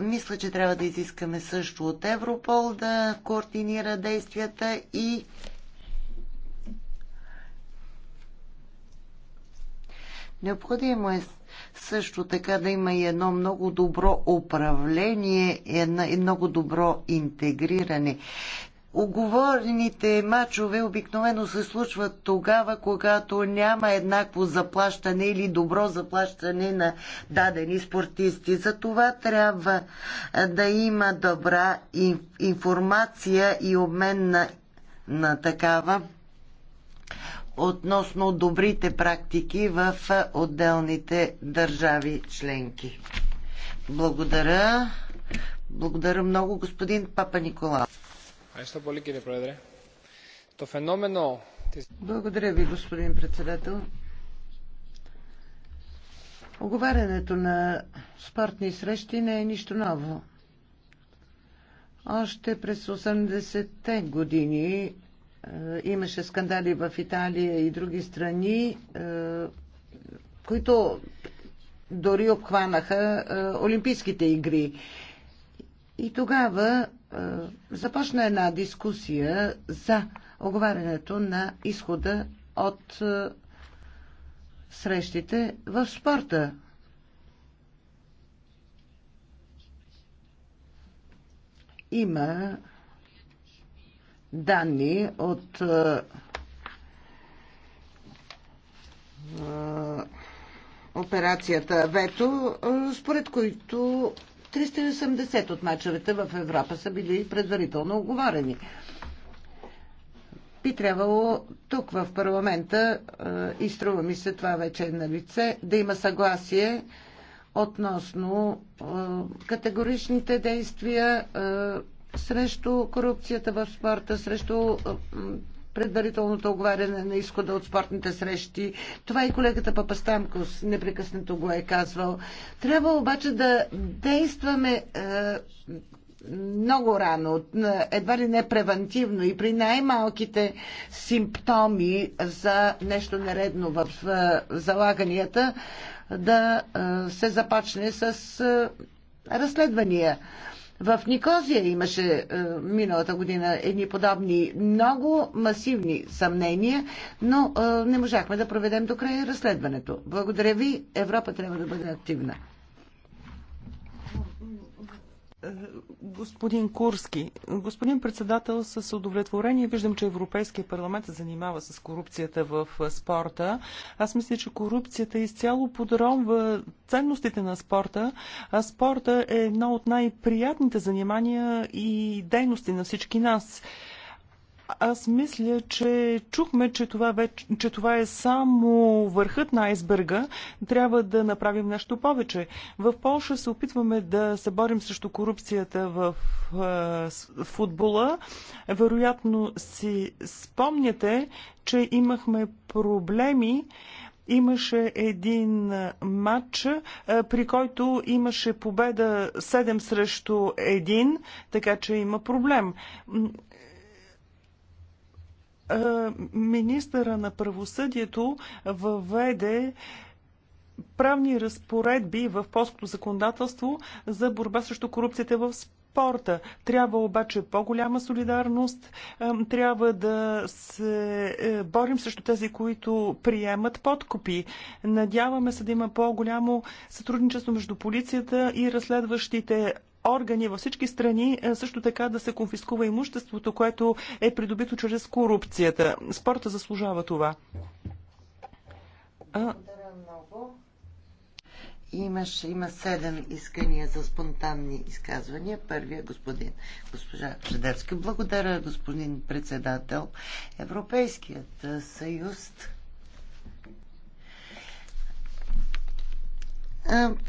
Мисля, че трябва да изискаме също от Европол да координира действията и Необходимо е също така да има и едно много добро управление и едно и много добро интегриране. Оговорените мачове обикновено се случват тогава, когато няма еднакво заплащане или добро заплащане на дадени спортисти. За това трябва да има добра информация и обмен на, на такава относно добрите практики в отделните държави членки. Благодаря. Благодаря много, господин Папа Николао. Благодаря ви, господин председател. Оговарянето на спортни срещи не е нищо ново. Още през 80-те години е, имаше скандали в Италия и други страни, е, които дори обхванаха е, Олимпийските игри. И тогава започна една дискусия за оговарянето на изхода от срещите в спорта. Има данни от е, е, операцията Вето, е, според които 380 от мачовете в Европа са били предварително оговорени. Би трябвало тук в парламента, и струва ми се това вече е на лице, да има съгласие относно категоричните действия срещу корупцията в спорта, срещу предварителното оговаряне на изхода от спортните срещи. Това и колегата Папастамкос непрекъснато го е казвал. Трябва обаче да действаме е, много рано, едва ли не превентивно и при най-малките симптоми за нещо нередно в е, залаганията да е, се започне с разследвания. В Никозия имаше е, миналата година едни подобни много масивни съмнения, но е, не можахме да проведем до края разследването. Благодаря ви. Европа трябва да бъде активна. Господин Курски, господин председател, с удовлетворение виждам, че Европейския парламент се занимава с корупцията в спорта. Аз мисля, че корупцията изцяло подронва ценностите на спорта, а спорта е едно от най-приятните занимания и дейности на всички нас. Аз мисля, че чухме, че това, веч... че това е само върхът на айсберга. Трябва да направим нещо повече. В Польша се опитваме да се борим срещу корупцията в футбола. Вероятно си спомняте, че имахме проблеми имаше един матч, при който имаше победа 7 срещу 1, така че има проблем. Е, министъра на правосъдието въведе правни разпоредби в полското законодателство за борба срещу корупцията в спорта. Трябва обаче по-голяма солидарност, е, трябва да се е, борим срещу тези, които приемат подкупи. Надяваме се да има по-голямо сътрудничество между полицията и разследващите органи във всички страни е, също така да се конфискува имуществото, което е придобито чрез корупцията. Спорта заслужава това. много. Имаш, има седем искания за спонтанни изказвания. Първия господин, госпожа Шедевски. Благодаря, господин председател. Европейският съюз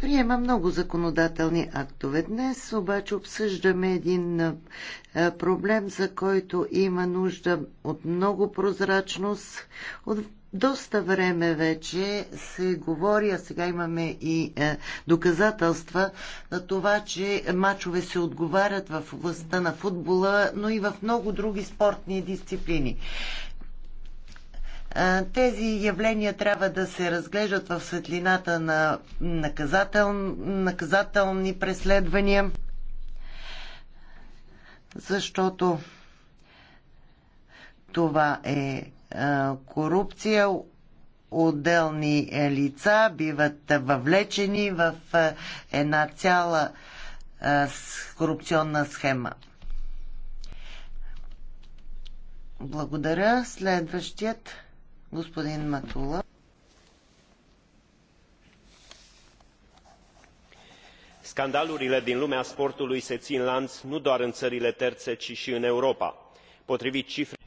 приема много законодателни актове. Днес обаче обсъждаме един проблем, за който има нужда от много прозрачност. От доста време вече се говори, а сега имаме и доказателства на това, че мачове се отговарят в областта на футбола, но и в много други спортни дисциплини. Тези явления трябва да се разглеждат в светлината на наказател, наказателни преследвания, защото това е корупция. Отделни лица биват въвлечени в една цяла корупционна схема. Благодаря. Следващият господин Матула. Scandalurile din lumea sportului se țin lanț nu doar în țările terțe, ci și în Europa. Potrivit cifre...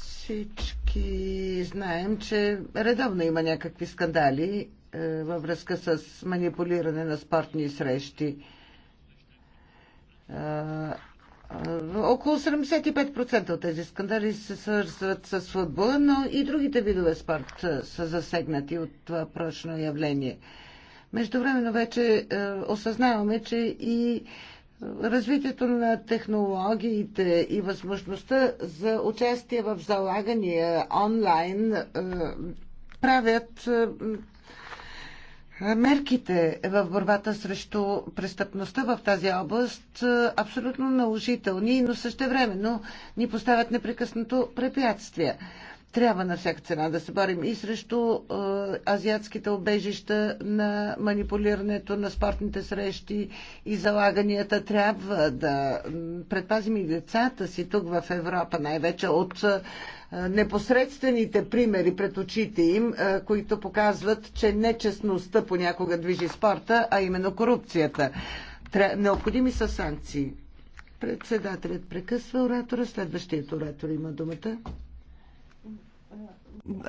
Всички знаем, че редовно има някакви скандали е, във връзка с манипулиране на спортни срещи е, около 75% от тези скандали се свързват с футбола, но и другите видове спорт са засегнати от това прочно явление. Междувременно вече е, осъзнаваме, че и е, развитието на технологиите и възможността за участие в залагания онлайн е, правят мерките в борбата срещу престъпността в тази област са абсолютно наложителни, но същевременно ни поставят непрекъснато препятствия. Трябва на всяка цена да се борим и срещу е, азиатските обежища на манипулирането на спортните срещи и залаганията. Трябва да предпазим и децата си тук в Европа, най-вече от е, непосредствените примери пред очите им, е, които показват, че нечестността понякога движи спорта, а именно корупцията. Тря... Необходими са санкции. Председателят прекъсва оратора. Следващият оратор има думата.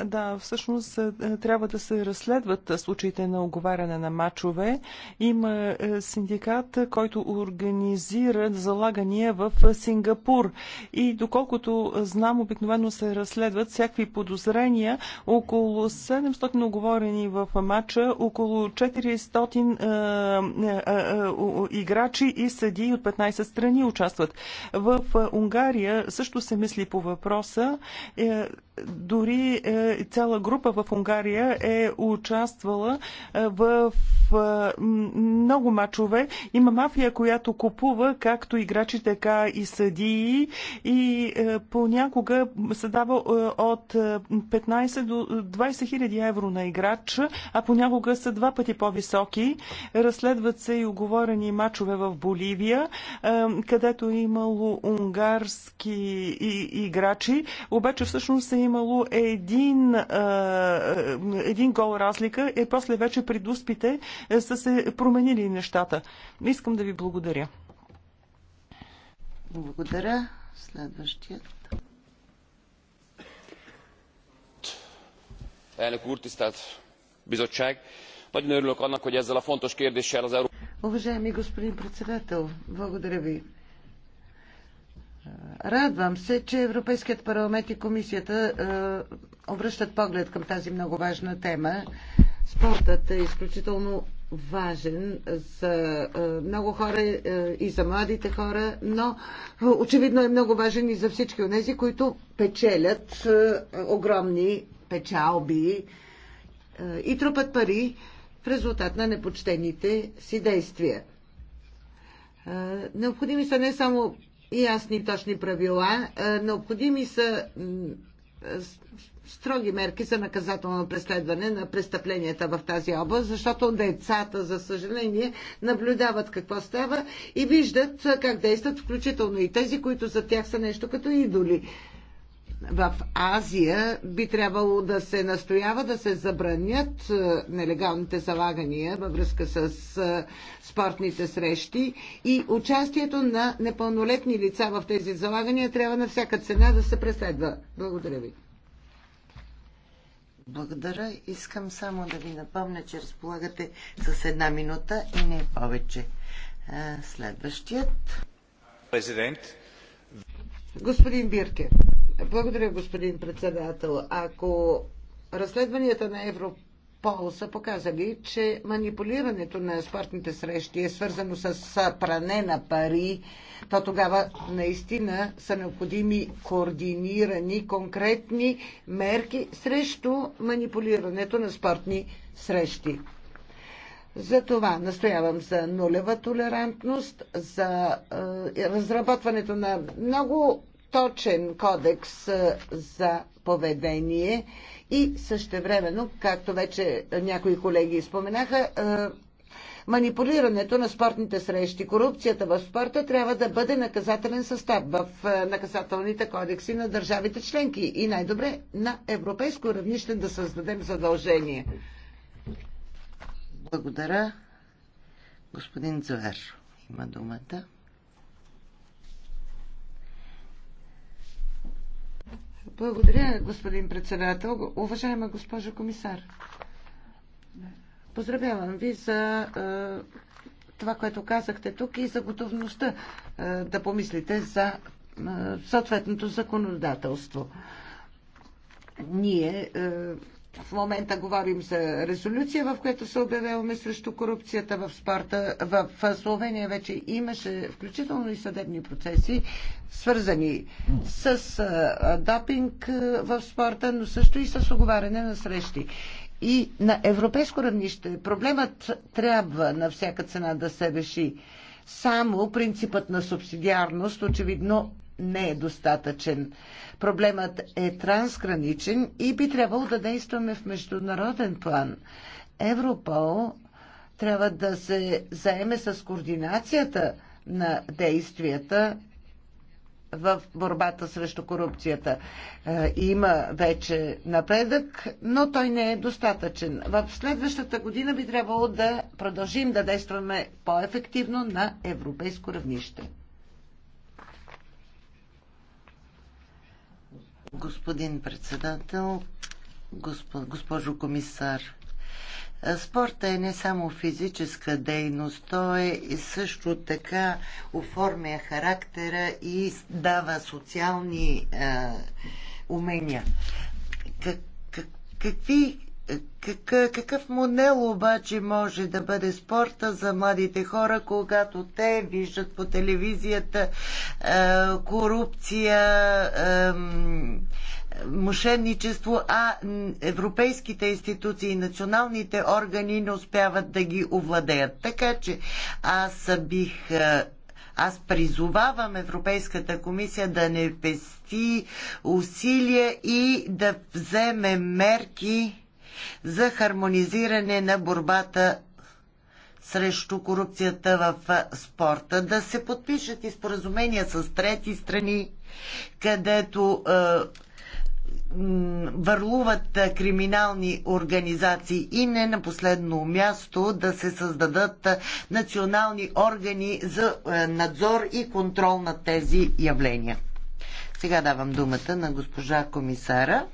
Да, всъщност е, е, трябва да се разследват случаите на оговаряне на мачове. Има е, синдикат, който организира залагания в Сингапур. И доколкото знам, обикновено се разследват всякакви подозрения. Около 700 оговорени в мача, около 400 е, е, е, играчи и съдии от 15 страни участват. В Унгария също се мисли по въпроса. Дори е, цяла група в Унгария е участвала е, в е, много мачове. Има мафия, която купува както играчи, така и съдии и понякога се дава от 15 до 20 хиляди евро на играч, а понякога са два пъти по-високи. Разследват се и оговорени мачове в Боливия, където е имало унгарски играчи, обаче всъщност е имало един един, а, един гол разлика и е после вече при дуспите е, са се променили нещата. Искам да ви благодаря. Благодаря. Следващият. Elnök úr, tisztelt bizottság! Nagyon örülök annak, hogy ezzel a fontos kérdéssel az Európai... Уважаеми господин председател, благодаря ви. Радвам се, че Европейският парламент и комисията е, обръщат поглед към тази много важна тема. Спортът е изключително важен за е, много хора е, и за младите хора, но очевидно е много важен и за всички от тези, които печелят огромни печалби и трупат пари в резултат на непочтените си действия. Необходими са не само ясни и точни правила. Е, необходими са строги мерки за наказателно преследване на престъпленията в тази област, защото децата, за съжаление, наблюдават какво става и виждат е, как действат, включително и тези, които за тях са нещо като идоли в Азия би трябвало да се настоява да се забранят е, нелегалните залагания във връзка с е, спортните срещи и участието на непълнолетни лица в тези залагания трябва на всяка цена да се преследва. Благодаря ви. Благодаря. Искам само да ви напомня, че разполагате с една минута и не повече. Е, следващият. Президент. Господин Бирке. Благодаря, господин председател. Ако разследванията на Европол са показали, че манипулирането на спортните срещи е свързано с пране на пари, то тогава наистина са необходими координирани конкретни мерки срещу манипулирането на спортни срещи. Затова настоявам за нулева толерантност, за е, разработването на много точен кодекс за поведение и същевременно, както вече някои колеги споменаха, манипулирането на спортните срещи, корупцията в спорта трябва да бъде наказателен състав в наказателните кодекси на държавите членки и най-добре на европейско равнище да създадем задължение. Благодаря. Господин Цвер има думата. Благодаря, господин председател. Уважаема госпожо комисар, поздравявам ви за е, това, което казахте тук и за готовността е, да помислите за е, съответното законодателство. Ние е, в момента говорим за резолюция, в която се обявяваме срещу корупцията в спорта. В Словения вече имаше включително и съдебни процеси, свързани с допинг в спорта, но също и с оговаряне на срещи. И на европейско равнище проблемът трябва на всяка цена да се реши. Само принципът на субсидиарност очевидно не е достатъчен. Проблемът е трансграничен и би трябвало да действаме в международен план. Европол трябва да се заеме с координацията на действията в борбата срещу корупцията. Е, има вече напредък, но той не е достатъчен. В следващата година би трябвало да продължим да действаме по-ефективно на европейско равнище. Господин председател, госпожо комисар, спорта е не само физическа дейност, той е също така оформя характера и дава социални е, умения. Как, как, какви какъв, модел обаче може да бъде спорта за младите хора, когато те виждат по телевизията е, корупция, е, мошенничество, а европейските институции и националните органи не успяват да ги овладеят. Така че аз бих. Е, аз призовавам Европейската комисия да не пести усилия и да вземе мерки за хармонизиране на борбата срещу корупцията в спорта, да се подпишат и споразумения с трети страни, където е, върлуват криминални организации и не на последно място да се създадат национални органи за надзор и контрол на тези явления. Сега давам думата на госпожа комисара.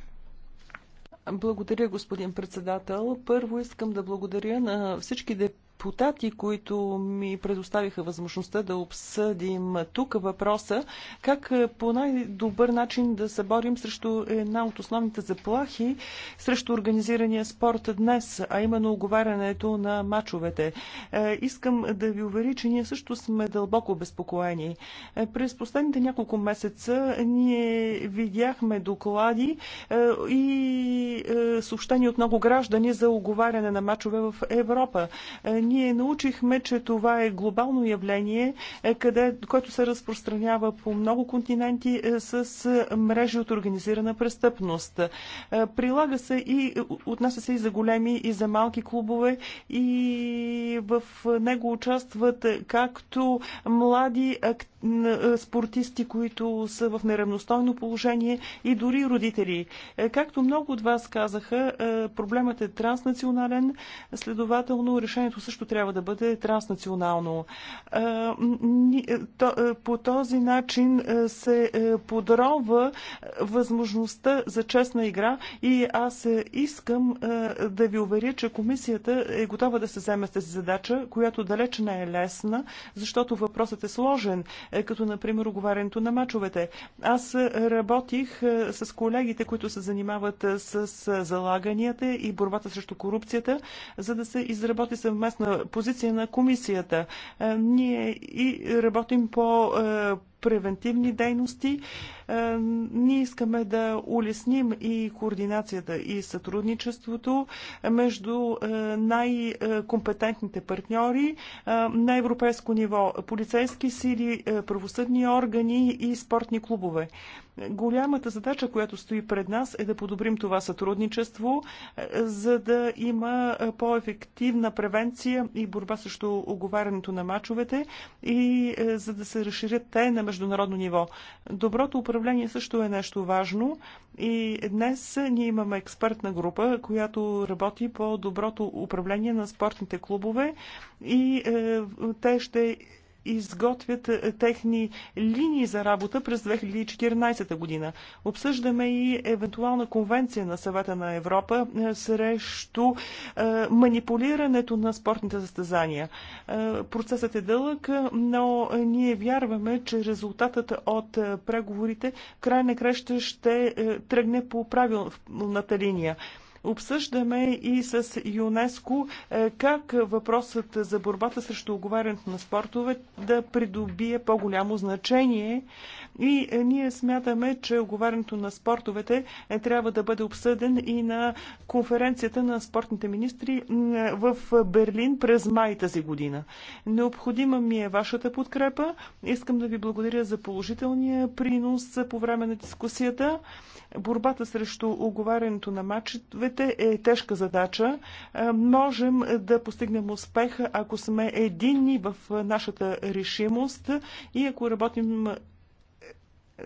Благодаря, господин председател. Първо искам да благодаря на всички депутати, депутати, които ми предоставиха възможността да обсъдим тук въпроса как е, по най-добър начин да се борим срещу една от основните заплахи срещу организирания спорт днес, а именно оговарянето на мачовете. Е, искам да ви увери, че ние също сме дълбоко обезпокоени. Е, през последните няколко месеца ние видяхме доклади и съобщения от много граждани за оговаряне на мачове в Европа ние научихме, че това е глобално явление, е, къде, което се разпространява по много континенти е, с е, мрежи от организирана престъпност. Прилага се и отнася се и за големи, и за малки клубове и в него участват както млади активни е, спортисти, които са в неравностойно положение и дори родители. Е, както много от вас казаха, е, проблемът е транснационален, следователно решението също трябва да бъде транснационално. По този начин се подарова възможността за честна игра и аз искам да ви уверя, че комисията е готова да се вземе с тази задача, която далеч не е лесна, защото въпросът е сложен. Е, като например оговарянето на мачовете. Аз е, работих е, с колегите, които се занимават с залаганията и борбата срещу корупцията, за да се изработи съвместна позиция на комисията. Ние и работим по превентивни дейности. Е, ние искаме да улесним и координацията и сътрудничеството между е, най-компетентните партньори е, на европейско ниво полицейски сили, правосъдни органи и спортни клубове. Голямата задача, която стои пред нас е да подобрим това сътрудничество, за да има по-ефективна превенция и борба срещу оговарянето на мачовете и за да се разширят те на международно ниво. Доброто управление също е нещо важно и днес ние имаме експертна група, която работи по доброто управление на спортните клубове и е, те ще изготвят е, техни линии за работа през 2014 година. Обсъждаме и евентуална конвенция на съвета на Европа е, срещу е, манипулирането на спортните състезания. Процесът е дълъг, но ние вярваме, че резултатът от преговорите край на краща ще тръгне по правилната линия. Обсъждаме и с ЮНЕСКО е, как въпросът за борбата срещу оговарянето на спортове да придобие по-голямо значение и е, ние смятаме, че оговарянето на спортовете е, трябва да бъде обсъден и на конференцията на спортните министри в Берлин през май тази година. Необходима ми е вашата подкрепа. Искам да ви благодаря за положителния принос е, по време на дискусията. Борбата срещу оговарянето на матчовете е тежка задача. Можем да постигнем успеха, ако сме единни в нашата решимост и ако работим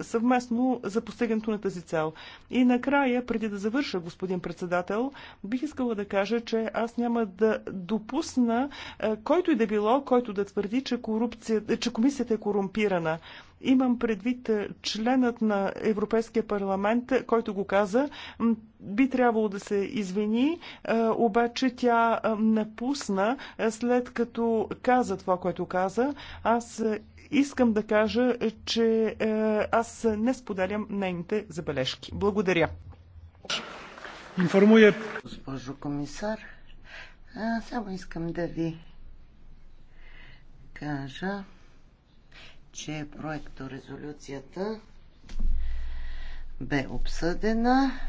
съвместно за постигането на тази цел. И накрая, преди да завърша, господин председател, бих искала да кажа, че аз няма да допусна е, който и да било, който да твърди, че, корупция, че комисията е корумпирана. Имам предвид е, членът на Европейския парламент, който го каза, би трябвало да се извини, е, обаче тя напусна след като каза това, което каза. Аз Искам да кажа, че е, аз не споделям нейните забележки. Благодаря. Информуя. Госпожо комисар, а, само искам да ви кажа, че проекторезолюцията бе обсъдена.